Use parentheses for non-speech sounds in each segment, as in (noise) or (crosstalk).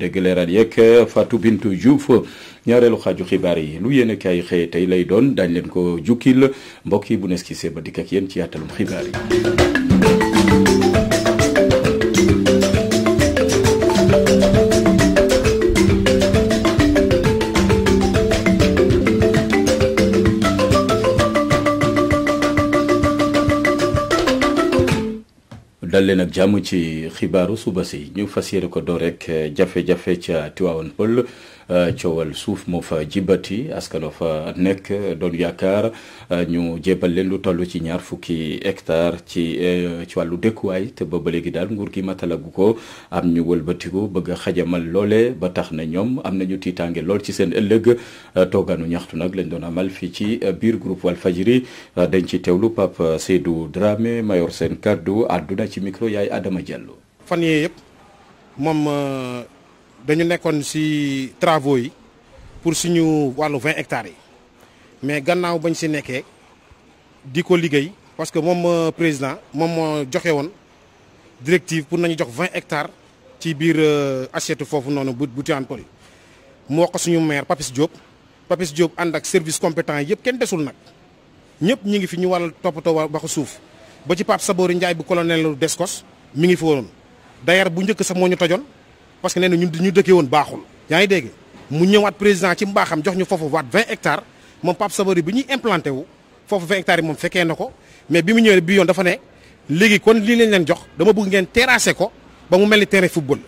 dëgg leeral yeeg Fatou bintu Diouf ñaareelu xaaju xibaar yi lu yéen a kaay xëye tey lay doon daañ leen ko jukkil mbokk yi bu nes ki see ba dikk ak yéen ci yaatalum xibaar yi leen ak jàmm ci xibaaru suba si ñu fas yéene ko door rek eh, jafe-jafe ca Tivaouane Peulh Euh, coowal suuf moo fa jibati askan fa nekk doon yaakaar euh, ñu jébal leen lu toll ci ñaar fukki hectare ci euh, ci wàllu dëkkuwaay te ba ba léegi daal nguur ki matalagu ko am ñu wëlbatiku bëgg a xajamal loole ba tax na ñoom am na ñu tiitaange lool ci seen ëllëg toogaanu ñaxtu nag lañ doon amal fii ci biir groupe Walfadjri dañ ci teewlu Pape Seydou Dramé mayor seen kaddu àdduna ci micro yaay Adama Diallo. fan yii yëpp moom dañu nekkoon ci travaux yi pour suñu wàllu vingt hectares yi mais gannaaw bañ si nekkee di ko liggéey parce que moom euh, président moom moo joxe woon directive pour nañu jox vingt hectare ci biir euh, assiette foofu noonu bu bu Tivaouane Peulh moo ko suñu maire Papis Diop Papis Diop ànd ak service compétent yëpp kenn desul nag ñëpp ñi ngi fi ñu war a toppatoo waxu suuf ba ci Pape Sabori njaay bu colonel Descos mi ngi fi woon d'ailleurs bu njëkk sax moo ñu tojoon. parce que nee ñun ñu dëkkee woon baaxul yaa ngi dégg mu ñëwaat président ci mbaaxam jox ñu foofu waat 20 hectares moom Pape Sabari bi ñuy implanté foofu 20 hectares yi moom fekkee na ko mais bi mu ñëwee bii yoon dafa ne léegi kon lii lañ leen jox dama bëgg ngeen terrassé ko ba mu mel ni terrain football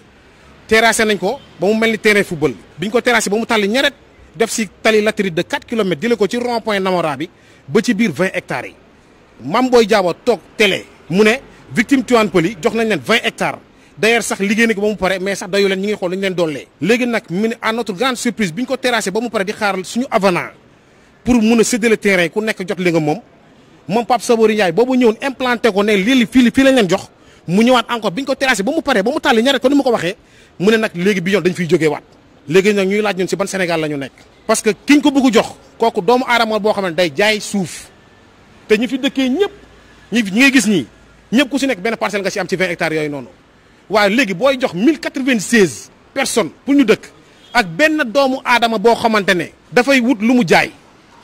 terrassé nañ ko ba mu mel ni terrain football bi ñu ko terrassé ba mu tàlli ñeret def si tali latérite de 4 kilomètres jëlee ko ci rond point Namora bi ba ci biir 20 hectares yi Mame Boye Diao toog télé mu ne victime Tivaouane Peulh yi jox nañ leen 20 hectares d'ailleurs sax liggéey na ko ba mu pare mais sax dayu leen ñi ngi xool dañu leen dollee léegi nag mu ne à notre grande surprise bi ñu ko terrassé ba mu pare di xaar suñu avenant pour mun a séddale terrain ku nekk jot li nga moom moom Pape Sabori Ndiaye boobu ñëwoon implanté ko ne lii fii fii lañ leen jox mu ñëwaat encore bi ñu ko terrassé ba mu pare ba mu tàlli ñaareel ko ni ma ko waxee mu ne nag léegi bi yoon dañ fiy jógee waat léegi nag ñuy laaj ñun si ban Sénégal la ñu nekk parce que kiñ doomu aadama boo xam ne day jaay suuf te ñu fi dëkkee ñëpp ñi ñi ngay gis ñii ñëpp ku si nekk benn am ci 20 yooyu noonu waaye léegi booy jox mille quatre-vingt-seize personnes pour ñu dëkk ak benn doomu aadama boo xamante ne dafay wut lu mu jaay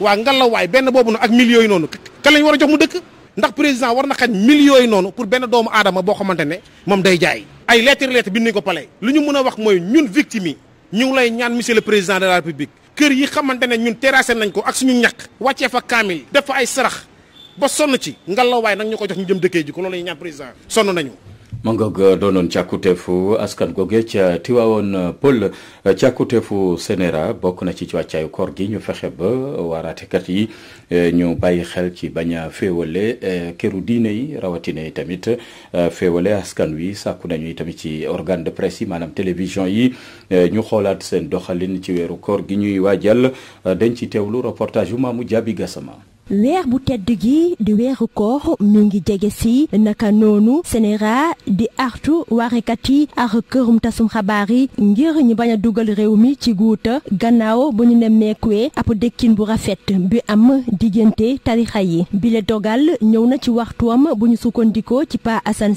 waa ngelaw waay benn boobu noonu ak mille yooyu noonu kan lañ war a jox mu dëkk ndax président war na xañ mille yooyu noonu pour benn doomu aadama boo xamante ne moom day jaay ay lettre lettre bind nañ ko pale lu ñu mën a wax mooy ñun victime yi ñu ngi lay ñaan monsieur le président de la république kër yi xamante ne ñun terrassé nañ ko ak suñu ñàkk wàccee fa kaamil def ay sarax ba sonn ci ngelaw waay nag ñu ko jox ñu jëm dëkkee ji ko loolu la ñuy président sonn nañu ma ngoog eh, doonoon càkkuteefu askan googe ca Tiwaawoon eh, pël eh, càkkuteefu sénéra bokk na ci ci wàccaayu koor gi ñu fexe ba waraatekat yi ñu bàyyi xel ci bañ a féewale këru diine yi rawatina yi tamit féewale askan wi sàkku nañu tamit ci organe de presse yi maanaam télévision yi ñu xoolaat seen doxalin ci weeru koor gi ñuy waajal dañ ci teewlu reportage yu Maamu Jaabi Gassama weer bu tedd gi di weeru koor mi ngi jege ci naka noonu sénéra di artu waarekat yi ak kërum tasum xabaar yi ngir ñu bañ a dugal réew mi ci guuta gannaaw bu ñu nemmeekuwee ab dëkkin bu rafet bi am diggante tarixa yi bile dogal ñëw na ci waxtuwam bu ñu sukkandikoo ci Pa Assane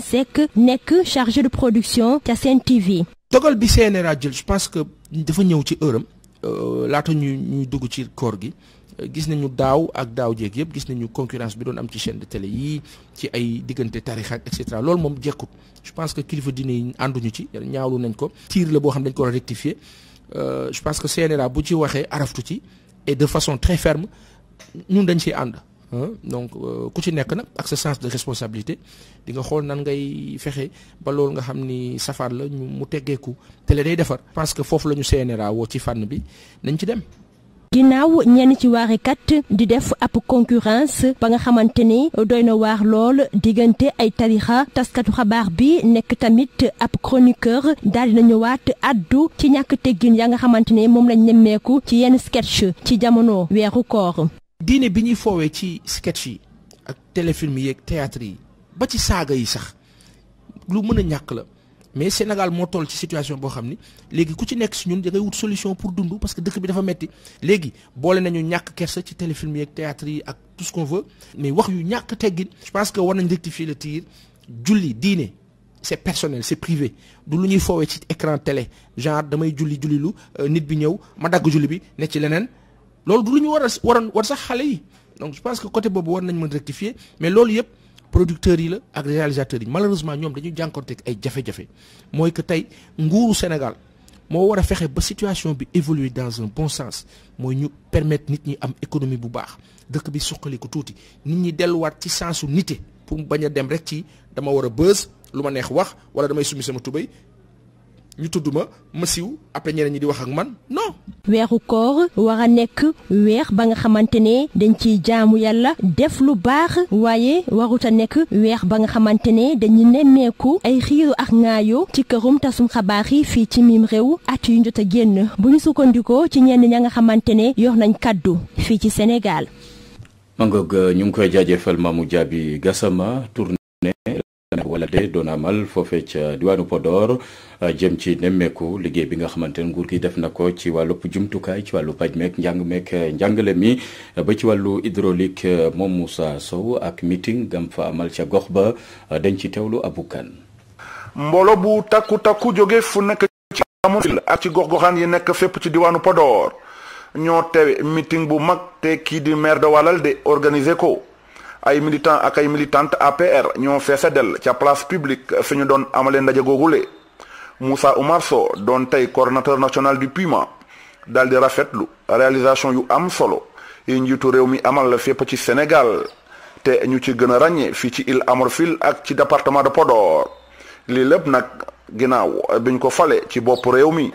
nekk chargé de production ca Sen TV dogal bi CNRA jël je que dafa ñëw ci heure am euh, laata ñuy dugg ci koor gi gis nañu daaw ak daaw jeeg yëpp gis nañu concurrence bi doon am ci chaîne de télé yii ci ay diggante tarix ak et loolu moom jekkut je pense que kilifa diine yi ànduñu ci ñaawlu nañ ko tiir la boo xam dañ ko war a rectifier euh, je pense que CNRA bu ci waxee araftu ci et de façon très ferme ñun dañ ciy ànd donc euh, ku ci nekk nag ak sa sens de responsabilité di nga xool nan ngay fexe ba loolu nga xam ni safar la mu teggeeku télé day defar parce que foofu la ñu CNRA woo ci fànn bi nañ ci dem ginnaaw ñenn ci waarekat di def ab concurrence ba nga xamante ni doy na waar lool diggante ay tarixa taskatu xabaar bi nekk tamit ab chroniqueur daal dina ñëwaat addu ci ñàkk teggin yaa nga xamante ne moom lañ nemmeeku ci yenn sketch ci jamono weeru koor diine bi ñuy foowee ci sketch yi ak téléfilm yi ak théâtre yi ba ci saaga yi sax lu mën ñàkk la mais Sénégal moo toll ci situation boo xam ni léegi ku ci nekk si ñun da ngay wut solution pour dund parce que dëkk bi dafa metti léegi boole nañu ñàkk kerse ci téléfilm yi ak théâtre yi ak tout ce qu'on mais wax yu ñàkk teggin je pense que war nañ rectifier le tir julli diine c'est personnel c'est privé du lu ñuy foowee ci écran télé genre damay julli julli lu euh, nit bi ñëw ma dagg julli bi ne ci leneen loolu du lu ñu war a war a war sax xale yi donc je pense que côté boobu war nañ mën rectifier mais loolu yëpp producteurs yi la ak réalisateurs yi malheureusement ñoom dañu jànkonteeg ay jafe-jafe mooy que tey nguuru Sénégal moo war a fexe ba situation bi évoluer dans un bon sens mooy ñu permettre nit ñi am économie bu baax dëkk bi suqali ko tuuti nit ñi delluwaat ci sensu nité pour mu bañ a dem rek ci dama war a bës lu ma neex wax wala damay summi sama tubéy ñu tudd ma ma siiw après ñi di wax ak man non. weeru koor war a nekk weer ba nga xamante ne dañ ciy jaamu yàlla def lu baax waaye warut a nekk weer ba nga xamante ne dañuy nemmeeku ay xiiru ak ŋaayo ci kërum tasum xabaar yi fii ci miim réew at yu njot a génn bu ñu sukkandikoo ci ñenn ña nga xamante ne yor nañ kàddu fii ci Sénégal. Mangog euh, ñu ngi koy jaajëfal Mamou Diaby Gassama tournée te doon amal foofe ca diwaanu Podor euh, jëm ci nemmeeku liggéey bi nga xamante ne nguur gi def na ko ci wàllu jumtukaay ci wàllu paj meek njàng meek euh, njàngale mi ba ci wàllu hydraulique euh, moom Moussa Sow ak meeting gam fa amal ca gox ba dañ ci teewlu abukan mboolo bu takku takku jóge fu nekk ci ci gox-goxaan yi nekk fépp ci diwaanu Podor ñoo teewe meeting bu mag te kii di maire de Walal de organiser ko ay militant ak ay militante APR ñoo feesa del ca place publique fi ñu doon amale ndaje googule Moussa Oumar Sow doon tey coordonnateur national du PUMA daal di rafetlu réalisation yu am solo yu njiitu réew mi amal fépp ci Sénégal te ñu ci gën a ràññee fii ci Île à ak ci département de Podor lii lépp nag ginnaaw biñ ko fale ci bopp réew mi.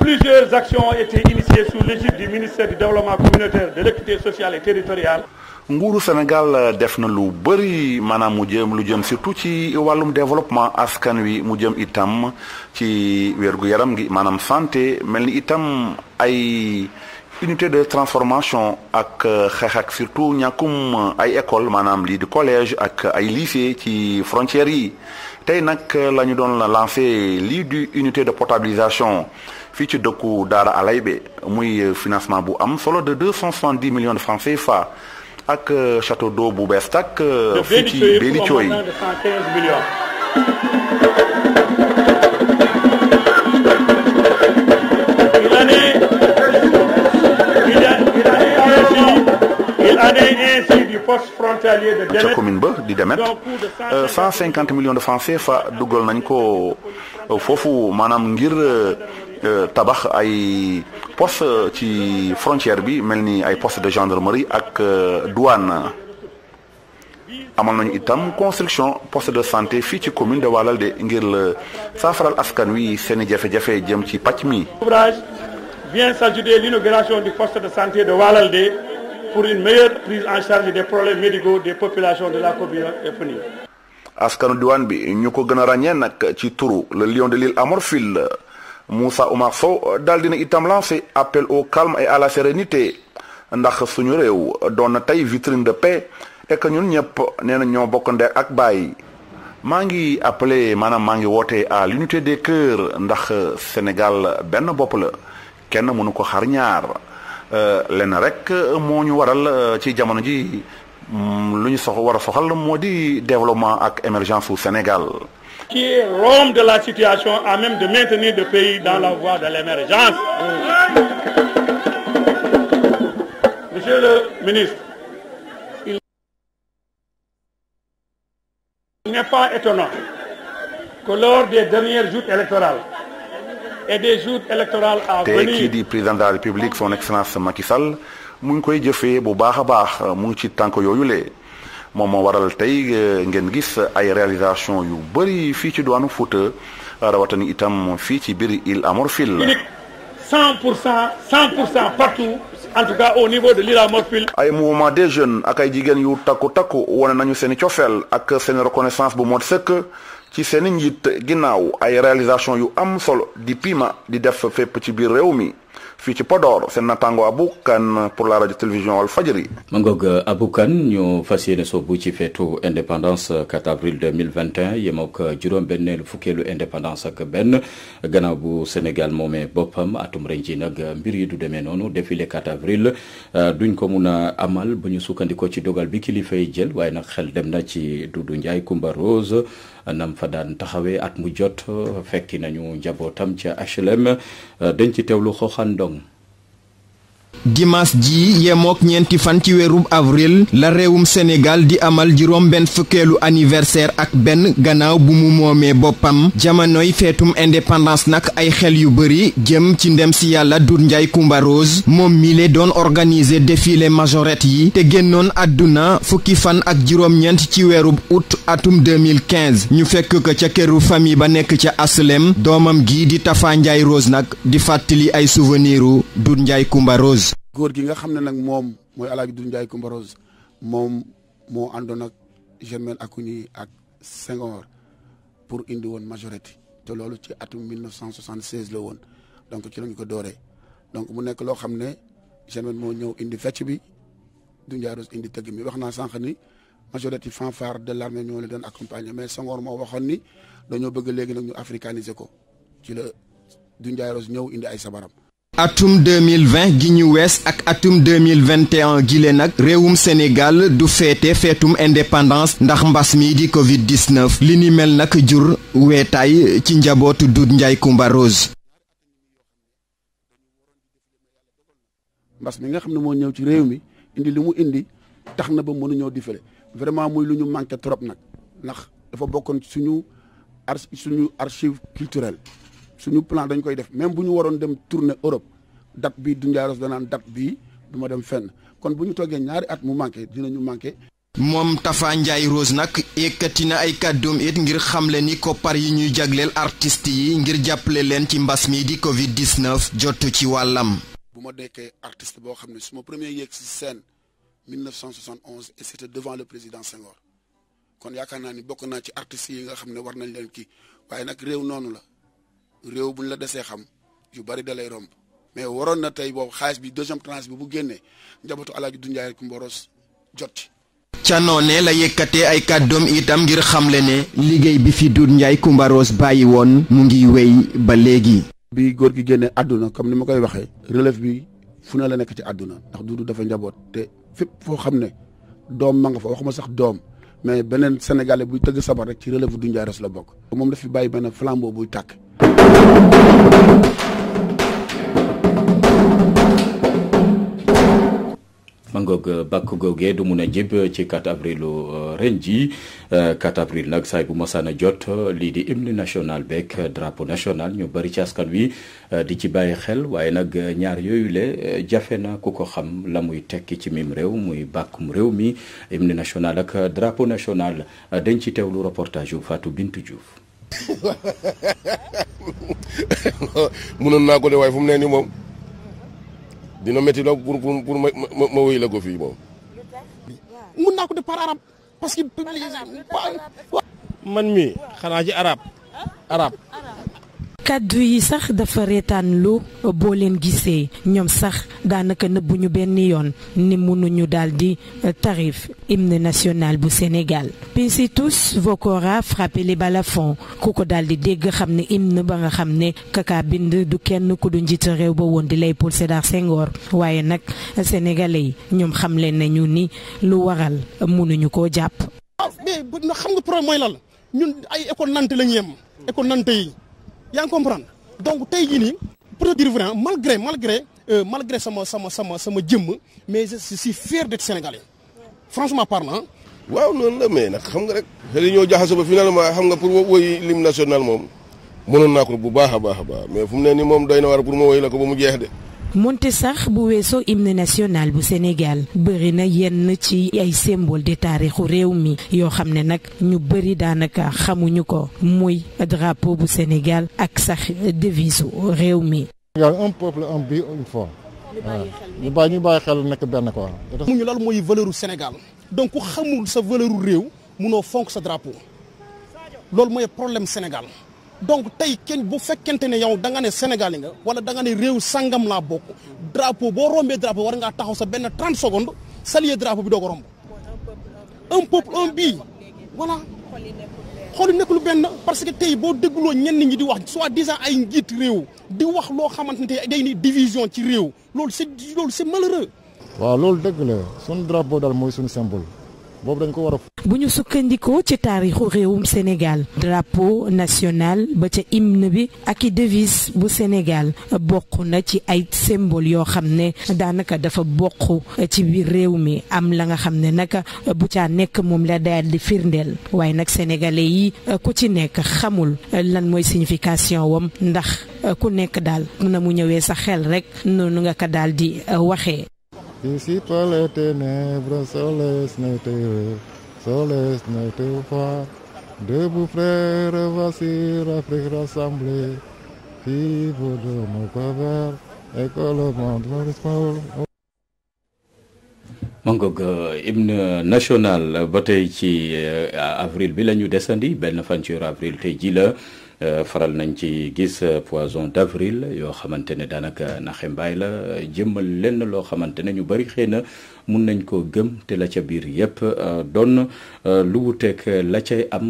Plusieurs actions ont été initiées sous l'égide du ministère du développement communautaire de l'équité sociale et territoriale. nguuru Sénégal def na lu bëri maanaam mu jëm lu jëm surtout ci wàllum développement askan wi mu jëm itam ci wér-gu-yaram gi maanaam santé mel ni itam ay unité de transformation ak xeex ak surtout ñàkkum ay école maanaam lii di collège ak ay lycée ci frontières yi tey nag la ñu doon lancé lii di unité de potabilisation fii ci dëkku Daara Alaybe muy financement bu am solo de deux cent soixante-dix millions de francs CFA ak euh, château d'eau bu bees tàkk euh, fii ci commune ba di Demet euh, cent cinquante millions de francs CFA dugal nañ ko foofu maanaam ngir Euh, tabax ay poste ci frontière bi mel ni ay poste de gendarmerie ak euh, douane amal nañu itam construction poste de santé fii ci commune de Walalde ngir la euh, saafaral askan wi seeni jafe-jafe jëm ci pàcc mi. ouvrage vient s'ajouter l'inauguration du poste de santé de Walalde pour une meilleure prise en charge des problèmes médicaux des population de la commune askanu diwaan bi ñu ko gën a ràññee nag ci turu le lion de l'île Amorphile Moussa Oumar so daal dina itam lancé appel au calme et à sérénité ndax suñu réew doon na tey vitrine de paix et ñun ñëpp nee na ñoo bokk ndey ak bayi maa ngi appelé maanaam maa ngi woote à l'unité des cœurs ndax Sénégal benn bopp la kenn mënu ko xar ñaar euh, lenn rek moo ñu waral euh, ci jamono ji Mm, lu ñu sox war a soxal moo di développement ak émergence su Sénégal. qui est l'homme de la situation à même de maintenir le pays dans la voie de l'émergence. Monsieur le ministre, il n'est pas étonnant que lors des dernières joutes électorales et des joutes électorales à venir. te kii di président de la République son excellence Macky mu ngi koy jëfee bu baax a baax mu ngi ci tànk yooyu le moom moo waral tey eh, ngeen gis ay réalisation yu bëri fii ci diwaanu Fouta rawatani itam fii ci biir Île à Morphil. cent pour cent cent pour cent au niveau de l'île à ay mouvement des jeunes ak ay jigéen yu takku takku wane nañu seen cofeel ak seen reconnaissance bu mot sëkk ci seen njiit ginnaaw ay réalisation yu am solo di pima di def fépp ci biir réew mi. fii ci Podor seen natango Abou Kane pour la radio télévision Walfadjri. ma ngoog Abou Kane ñu fas yéene bu ci feetu indépendance 4 avril 2021 yem ak juróom-benneelu fukkeelu indépendance ak benn gannaaw bu Sénégal moomee boppam atum ren ji nag mbir yi du demee noonu défilé 4 avril euh, duñ ko mun a amal bu ñu sukkandikoo ci dogal bi kilifay jël waaye nag xel dem na ci Doudou njaay Coumba Rose. nam fa daan taxawee at mu jot fekki nañu njabootam ca HLM dañ ci teewlu xooxaan ndong dimanche ji yemook ñeenti fan ci weerub avril la réewum Sénégal di amal juróom benn fukkeelu anniversaire ak benn gannaaw bu mu moomee boppam jamonoy feetum indépendance nag ay xel yu bëri jëm ci ndem si yàlla Doudou Ndiaye Coumba Rose moom mile doon organiser défilé majorette yi te génnoon àdduna fukki fan ak juróom-ñeent ci weerub août atum 2015 ñu fekk ko ca këru famille ba nekk ca aslem doomam gi di Tafa Ndiaye Rose nag di fàttali ay souveniru Doudou Ndiaye Coumba góor gi nga xam ne nag moom mooy El Hadj Doudou Ndiaye Coumba moom moo àndoon ak Germaine Accouni ak Senghor pour indi woon majorité te loolu ci atum 1976 la woon donc ci lañu ko dooree donc mu nekk loo xam ne Germaine moo ñëw indi fecc bi Doudou Ndiaye Rose indi tëgg mi wax naa sànq ni majorité fanfare de l'armée ñëw leen doon accompagner mais Senghor moo waxoon ni dañoo bëgg léegi nag ñu africaniser ko ci la Doudou Ndiaye Rose ñëw indi ay sabaram. atum 2020 gi ñu wees ak atum 2021 gile nag réewum Sénégal du feete feetum indépendance ndax mbas mi di Covid-19 li ni mel nag jur weetaay ci njabootu Doudou Ndiaye Coumba Rose mbas mi nga xam ne moo ñëw ci réew mi indi li mu indi tax na ba mënuñoo difale vraiment muy lu ñu manqué trop nag ndax dafa bokkoon suñu ar suñu archive culturelle suñu plan dañu koy def même bu ñu waroon dem tournée Europe date bii Doudou Ndiaye Rose danaan date bi duma dem fenn kon bu ñu toogee ñaari at mu manqué dinañu manqué. moom Tafa Ndiaye Rose nag yëkkati na ay kàddoom it ngir xamle ni koppar yi ñuy jagleel artistes yi ngir jàppale leen ci mbas mi di Covid 19 jotu ci wàllam. bu ma nekkee artiste boo xam ne su ma premier yéeg si scène 1971 et c'était devant le président Senghor kon yaakaar naa ni bokk naa ci artistes yi nga xam ne war nañ leen kii waaye nag réew noonu la. réew bu ñu la desee xam yu bari dalay lay romb mais waroon na tey boobu xaalis bi deuxième tranche bi bu génnee njabootu Alaaji Doudou Ndiaye Coumba jot ci. ca noone la yëkkatee ay kàddoom itam ngir xamle ne liggéey bi fi Doudou Ndiaye Coumba bàyyi woon mu ngi wéy ba léegi. bi góor gi génnee àdduna comme ni ma koy waxee relève bi fu ne la nekk ci àdduna ndax du dafa njaboot te fépp foo xam ne doom ma nga fa waxuma sax doom mais beneen sénégalais buy tëgg sabar rek ci relève Doudou Ndiaye Rose la bokk. moom daf fi bàyyi benn flambeau tàkk. mangoog euh, bàkk googee du mun a jib euh, ci 4 avrilu euh, ren ji 4 avril nag saay bu mosaan a jot lii di hymne national beeg drapeau national ñu bari ci askan wi di ci bàyyi xel waaye nag ñaar yooyu le jafe na ku ko xam la muy tekki ci miim réew muy bàkkum réew mi hymne national ak drapo national dañ ci teewlu reportage yu Fatou bintu Diouf. (laughs) mënoon naa ko de waaye fu mu ne nii moom dina métti la pour pour ma ma ma ko fii moom. mën naa ko def par arabe parce que. man mi xanaa ci arab ah? arab kàddu yi sax dafa reetaan lu boo leen gisee ñoom sax daanaka ñu benn yoon ni mënuñu daal di euh, tarif hymne national bu Sénégal. Pincez tous vos koras, frappez les ku ko daal di dégg xam ne hymne ba nga xam ne kaka bind du kenn ku du njiit réew ba woon di Léopold Sédar Senghor waaye nag sénégalais yi ñoom xam leen nañu ni lu waral mënuñu ko jàpp. waaw ah, xam nga problème mooy lan ñun ay école nante la ñu yem nante yi. yaa ngi comprendre donc tey jii nii pour te dire vrai malgré malgré euh, malgré sama sama sama sama jëmm mais je suis fier d'être sénégalais franchement parlant. waaw noonu la mais nag xam nga rek. te li ñoo jaxasoo ba finalement xam nga pour woy lim national moom mënoon naa ko bu baax a baax a baax mais fu mu ne nii moom doy na war pour ma woy la ko ba mu jeex de. moonte sax bu weesoo hymne national bu Sénégal bëri na yenn ci ay symbole de taarixu réew mi yoo xam ne nag ñu bari daanaka xamuñu ko muy drapeau bu Sénégal ak sax devise réew mi. Sénégal un peuple un but une foi. ñu bàyyi ñu bàyyi xel nekk benn quoi. mu ñu mooy valeur Sénégal donc ku xamul sa valeur réew munoo fonk sa drapeau loolu mooy problème Sénégal. donc tey kenn bu fekkente ne yow da nga ne Sénégal nga wala da ne réew sangam laa bokk drapeau boo rombee drapeau war ngaa taxaw sa benn trente secondes saluer drapeau bi doo ko romb un peuple un but voilà xool nekk lu benn parce que tey boo dégloo ñenn ñi di wax soi-disant ay njiit réew di wax loo xamante ne tey day ni division ci réew loolu c'est loolu c'est waaw loolu dëgg la sunu drapeau daal mooy sunu symbole. boobu dañ ko war bu ñu sukkandikoo ci taarixu réewum Sénégal drapeau national ba ca hymne bi ak i devise bu Sénégal bokk na ci ay symbole yoo xam ne daanaka dafa bokk ci biir réew mi am la nga xam ne nag bu caa nekk moom la daal di firndeel waaye nag sénégalais yi ku ci nekk xamul lan mooy signification wam ndax ku nekk daal na mu ñëwee sa xel rek noonu nga ko daal di Disipa las tenebras, soles no te ve, soles no te va. Debout frère, voici l'Afrique rassemblée. Vivre de mon couvert, et que le hymne national ba tey ci euh, avril bi la ñu desandi benn fan ci avril tey ji la Euh, faral nañ ci gis euh, poisson d'avril yoo xamante ne daanaka naxe mbaay la euh, jëmmal lenn loo xamante ne ñu bari xëy na mun nañ ko gëm te la ca biir yépp doon lu wuteeg la cay am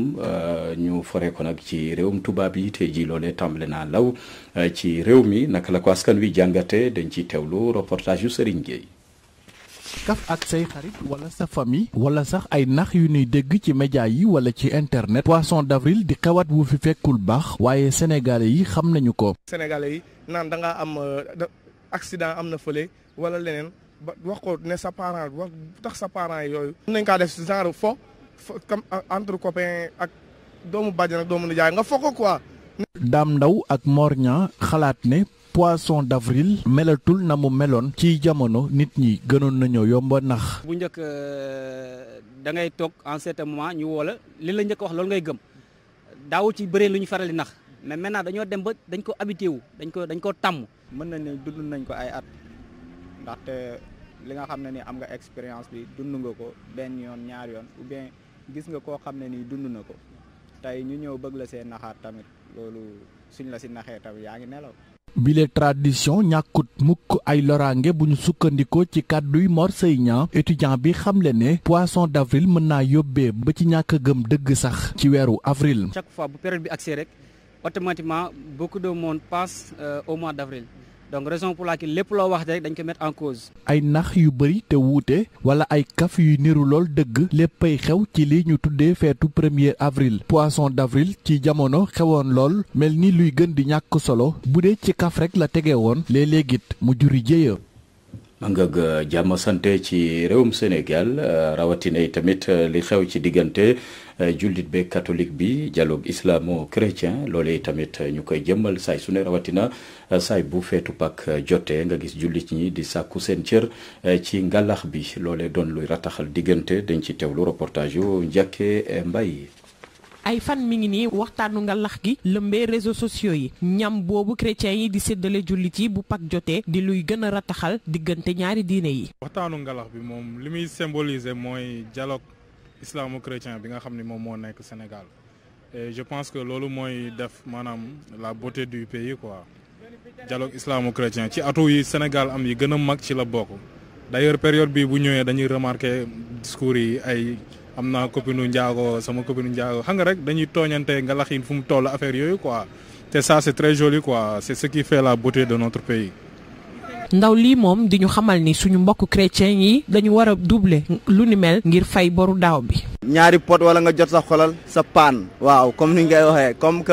ñu fore ko nag ci réewum tubaab yi te ji loolee tàmbale naa law ci réew mi naka la ko askan wi jàngate dañ ciy teewlu reportage yu Serigne Gueye kaf ak say xarit wala sa famille wala sax ay nax yu nuy dégg ci média yi wala ci internet poisson d'avril di xewat wu fi fekkul baax waaye sénégalais yi xam nañu ko. sénégalais yi naan da ngaa am euh, accident am na fële wala leneen ba wax ko ne sa parent wax tax sa parent yooyu. mën nañ kaa si genre fo fo comme euh, entre copain ak doomu bàjjan ak doomu nijaay nga fo ko quoi. Dame Ndao ak Mor xalaat ne. poisson d'avril melatul na mu meloon ci jamono nit ñi gënoon nañoo yomba nax. bu njëkk euh, da ngay toog en certain moment ñu woo la li la njëkk wax loolu ngay gëm daawu ci bëri lu ñu faral di nax mais maintenant dañoo dem ba dañ ko habité wu dañ ko dañ ko tàmm. mën na ne dund nañ ko ay at ndaxte li nga xam ne ni am nga expérience bi dund nga ko benn yoon ñaar yoon ou bien gis nga koo xam ne nii dund na ko tey ñu ñëw bëgg la see naxaat tamit loolu suñ la si naxee tamit yaa ngi nelaw. bile tradition ñàkkut mukk ay loraange bu ñu sukkandikoo ci kàdduy Mor Seye Niang étudiant bi xamle ne poisson d'avril mën naa yóbbee ba ci ñàkk gëm dëgg sax ci weeru avril. chaque fois bu périod bi agsee rek automatiquement beaucoup de monde passe euh, au mois d'avril. donc raison pour laquelle lépp loo wax rek dañ ko mettre en cause. ay nax yu bëri te wuute wala ay kaf yu niru lool dëgg léppay xew ci li ñu tuddee feetu premier avril poisson d'avril ci jamono xewoon lool mel ni luy gën di ñàkk solo bu dee ci kaf rek la tege woon léeg léegit it mu juri jéeya. ngag jàmm sante ci réewum Sénégal euh, rawatina yi tamit euh, li xew ci diggante euh, jullit beeg catholique bi dialogue islamo-chrétien loolee tamit ñu koy jëmmal saay su ne rawatina saay bu feetu Pâques jotee nga gis jullit ñi di sàkku seen cër ci ngalax bi loolee doon luy rataxal diggante dañ ci teewlu reportage yu Ndiaké Mbaye. ay fan mi ngi nii waxtaanu nga gi lëmbee réseaux sociaux yi ñam boobu chrétiens yi di séddale jullit yi bu pak jotee di luy gën a rataxal diggante ñaari diine yi. waxtaanu ngalax bi moom li muy symboliser mooy dialogue islamo-chrétien bi nga xam ni moom moo nekk Sénégal e je pense que loolu mooy def maanaam la beauté du pays quoi dialogue islamo-chrétien ci atu yi Sénégal am yi gën a mag ci la bokk d'ailleurs période bi bu ñëwee dañuy remarquer discours yi ay. am naa copine Ndiago sama copine Ndiago xam nga rek dañuy tooñante nga laxin fu mu toll affaire yooyu quoi te ça c'est très joli quoi c'est ce qui fait la beauté de notre pays. ndaw lii moom di ñu xamal ni suñu mbokku chrétien yi dañu war a doubler lu ni mel ngir fay boru daaw bi. ñaari pot walla nga jot sa xolal sa paan. waaw comme ni ngay waxee comme que.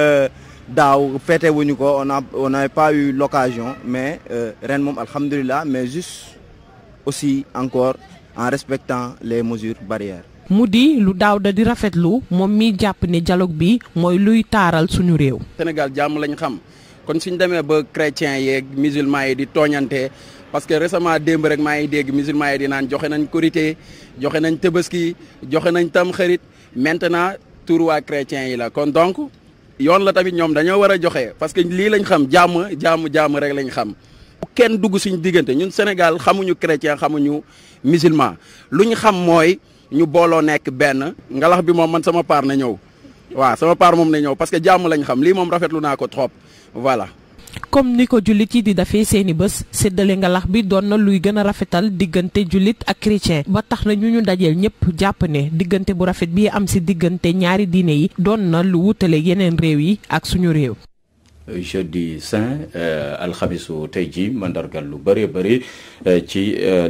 Euh, daaw feete wuñu ko on pas eu l'occasion mais euh, ren moom alhamdulilah mais juste aussi encore en respectant les mesures barrières. mu di lu daaw da di rafetlu moom miy jàpp ne dialogue bi mooy luy taaral suñu réew. Sénégal jàmm lañ xam kon suñ demee ba chrétiens yeeg musulmans yi di tooñante parce que récemment démb rek maa ngi dégg musulmans yi di naan joxe nañ korité joxe nañ tëbaski joxe nañ tam xarit maintenant tur waa chrétiens yi la kon donc yoon la tamit ñoom dañoo war a joxe parce que lii lañ xam jàmm jàmm jàmm rek lañ xam. bu kenn dugg suñu diggante ñun Sénégal xamuñu chrétien xamuñu musulman lu ñu xam mooy ñu booloo nekk benn ngalax bi moom man sama part na ñëw waa sama part moom na ñëw parce que jàmm lañ xam lii moom rafetlu naa ko trop voilà. comme ni ko jullit yi di dafee seeni bés séddale ngalax bi doon na luy gën a rafetal diggante jullit ak chrétien ba tax na ñu ñu dajeel ñëpp jàpp ne diggante bu rafet bi am ci diggante ñaari diine yi doon na lu wutale yeneen réew yi ak suñu réew. Euh, jeudi saint euh, alxamisu tey ji mandargal lu bëree bëri euh, ci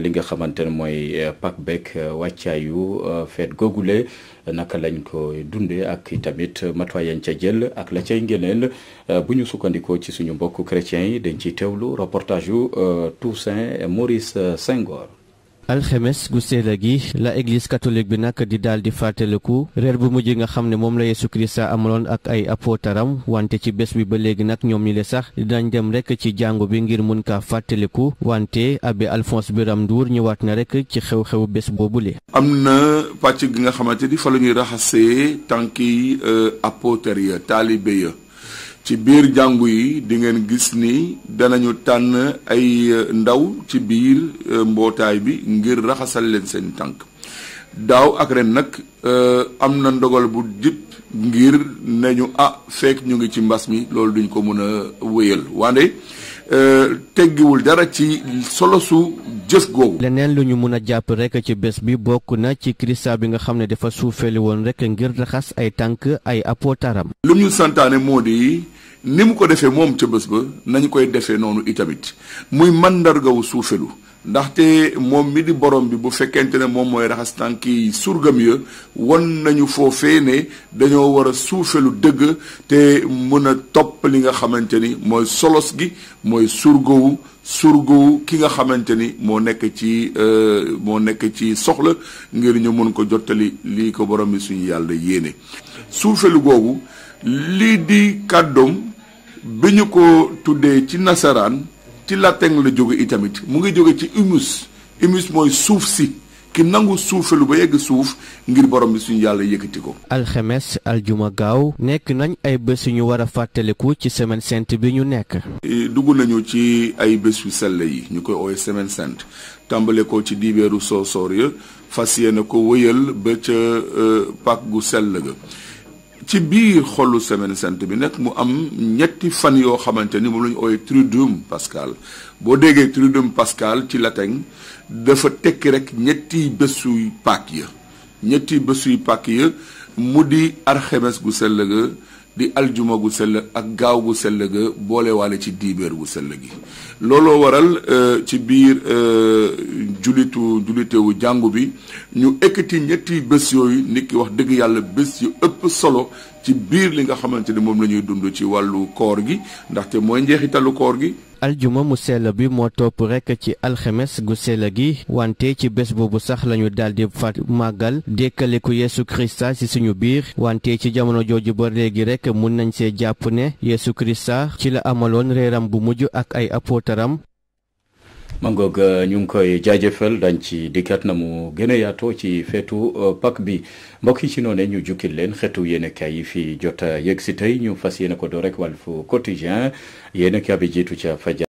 li nga xamante ne mooy pak bek wàccaayu feet googule naka lañ ko dundee ak tamit matuwaay yañ ca jël ak la ca ngeneel bu ñu sukkandikoo ci suñu mbokk chrétiens yi dañ ciy teewlu reportage yu Toussaint Maurice Senghor alxemes gu seela gi la église catholique bi nag di daal di fàttaliku reer bu mujj nga xam ne moom la Yeesu Kirista amaloon ak ay apootaram wante ci bés bi ba léegi nag ñoom ñi le sax di dinañ dem rek ci jàngu bi ngir mun kaa fàttaliku wante abbé Alphonse Birame Ndour ñëwaat na rek ci xew-xew bés boobu boobule. am na pàcc gi nga xamante ni fa la ñuy raxasee tànki euh, apootar ya taalibe ya ci biir jàngu yi dingeen gis ni danañu tànn ay euh, ndaw ci biir euh, mbootaay bi ngir raxasal leen seen tànk daaw ak ren nag euh, am na ndogal bu jip ngir nañu ah fekk ñu ngi ci mbas mi loolu duñ ko mën a wéyal wande Euh, teggiwul dara ci solo su jës googu. leneen lu ñu mun a jàpp rek ci bés bi bokk na ci kirista bi nga xam ne dafa suufeeli woon rek ngir raxas ay tànk ay apotaaram. lu ñu santaane moo di ni mu ko defee moom ca bés ba nañu koy defee noonu itamit muy mandargawu suufeelu ndaxte moom mi di borom bi bu fekkente ne moom mooy raxas tànki surgam ya wan nañu foofee ne dañoo war a suufelu dëgg te mën a topp li nga xamante ni mooy solos gi mooy surgowu surgowu ki nga xamante ni moo nekk ci euh, moo nekk ci soxla ngir ñu mën ko jottali lii ko borom bi suñu yàlla yéene suufelu googu lii di kàddoom bi ñu ko tuddee ci nasaraan ci latin la jóge itamit mu ngi jóge ci humus humus mooy suuf si ki nangu suufelu ba yegg suuf ngir borom bi suñu yàlla yëkkati ko. alxemes aljuma gaaw nekk nañ ay bés yu ñu war a fàttaliku ci semaine sainte bi ñu nekk. E, dugg nañu ci ay bés yu sell yi ñu koy ooy semaine sainte tàmbale ko ci dibeeru soosoor ya fas yéene ko wëyal ba ca e, pàkk gu sell ga. ci biir xolu semaine sainte bi nag mu am ñetti fan yoo xamante ni moom la ñu ooyee triduum pascal boo déggee triduum pascal ci latin dafa tekki rek ñetti bésuy Pâques ya ñetti bésuy Pâques ya mu di arxemes gu sell ga di aljuma gu sell ak gaaw gu sell ga boolewaale ci diibeer gu sell gi looloo waral euh, ci biir euh, jullitu julitewu jàngu bi ñu ekkati ñetti bés yooyu nit ki wax dëgg yàlla bés yu ëpp solo ci biir li nga xamante ni moom la ñuy dund ci wàllu koor gi ndaxte mooy njeexitalu koor gi. aljuma mu sell bi moo topp rekk ci alxemes gu sell gi wante ci bés boobu sax lañu daldi fat màggal dékkaliku yeesu krista ci suñu biir wante ci jamono jooju ba léegi rekk mun nañ see jàpp ne yeesu krista ci la amaloon reeram bu mujj ak ay apootaram mangoog uh, ñu ngi koy jaajëfal dañ ci dikkat na mu gën a yaatoo ci feetu uh, pak bi mbokk yi ci noone ñu jukki leen xeetu yéenekaay yi fi jot a yegg si tey ñu fas yéene ko doo rek Walf Quotidien yéenekaay bi jiitu ca fajar